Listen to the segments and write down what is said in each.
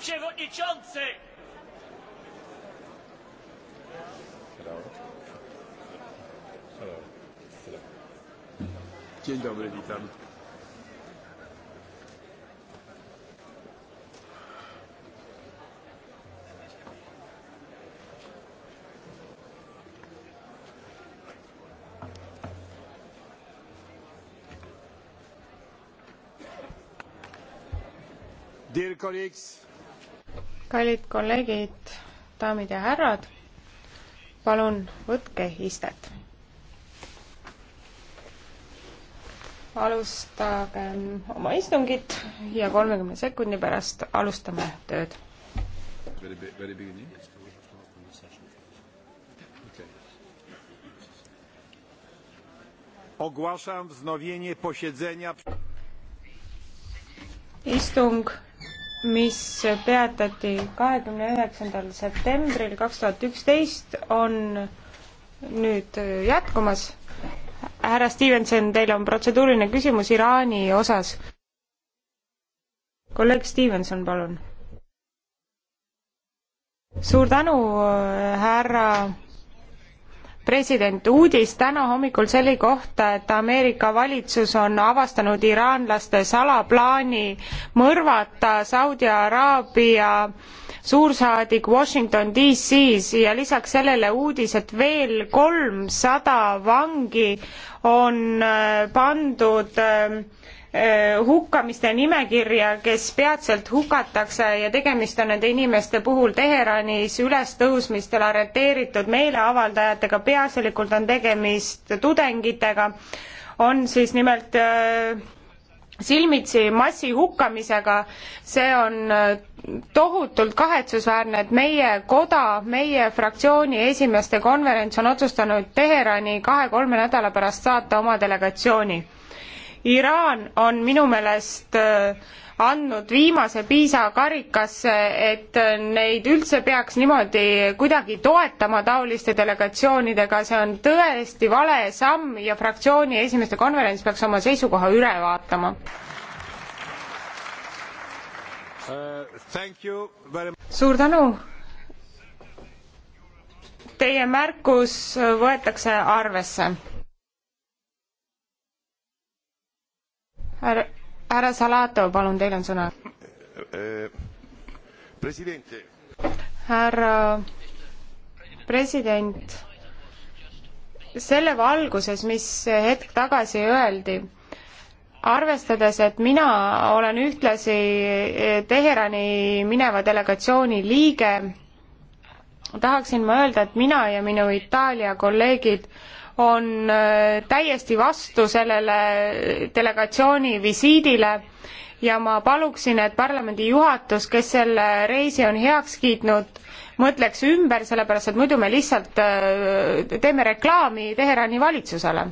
przewodniczący! Hello. Hello. Hello. Dzień dobry, witam. Dear colleagues, kallid kolleegid, daamid ja härrad, palun võtke istet. alustagem oma istungit ja kolmekümne sekundi pärast alustame tööd. Very, very beginning. ogłaszam wznowienie posiedzenia istung mis peatati kahekümne üheksandal septembril kaks tuhat üksteist, on nüüd jätkumas. härra Stevenson, teil on protseduuriline küsimus Iraani osas. kolleeg Stevenson, palun. suur tänu, äh, härra president uudis täna hommikul selle kohta, et Ameerika valitsus on avastanud iraanlaste salaplaani mõrvata Saudi Araabia suursaadik Washington DC-s ja lisaks sellele uudis, et veel kolmsada vangi on äh, pandud äh, Eh, hukkamiste nimekirja, kes peatselt hukatakse ja tegemist on nende inimeste puhul Teheranis ülestõusmistel arreteeritud meeleavaldajatega, peaasjalikult on tegemist tudengitega, on siis nimelt eh, silmitsi massihukkamisega, see on eh, tohutult kahetsusväärne, et meie koda, meie fraktsiooni esimeeste konverents on otsustanud Teherani kahe-kolme nädala pärast saata oma delegatsiooni Iraan on minu meelest äh, andnud viimase piisa karikasse, et äh, neid üldse peaks niimoodi kuidagi toetama taoliste delegatsioonidega, see on tõesti vale samm ja fraktsiooni esimeeste konverents peaks oma seisukoha üle vaatama uh,. suur tänu! teie märkus võetakse arvesse härra, härra Salato, palun, teil on sõna. härra president, selle valguses, mis hetk tagasi öeldi, arvestades, et mina olen ühtlasi Teherani mineva delegatsiooni liige, tahaksin ma öelda, et mina ja minu Itaalia kolleegid on äh, täiesti vastu sellele delegatsiooni visiidile ja ma paluksin, et parlamendi juhatus, kes selle reisi on heaks kiitnud, mõtleks ümber, sellepärast et muidu me lihtsalt äh, teeme reklaami Teherani valitsusele.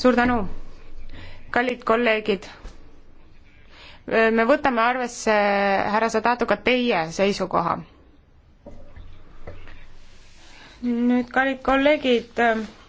suur tänu, kallid kolleegid. Äh, me võtame arvesse, härra Sadatuga, teie seisukoha nüüd, kallid kolleegid,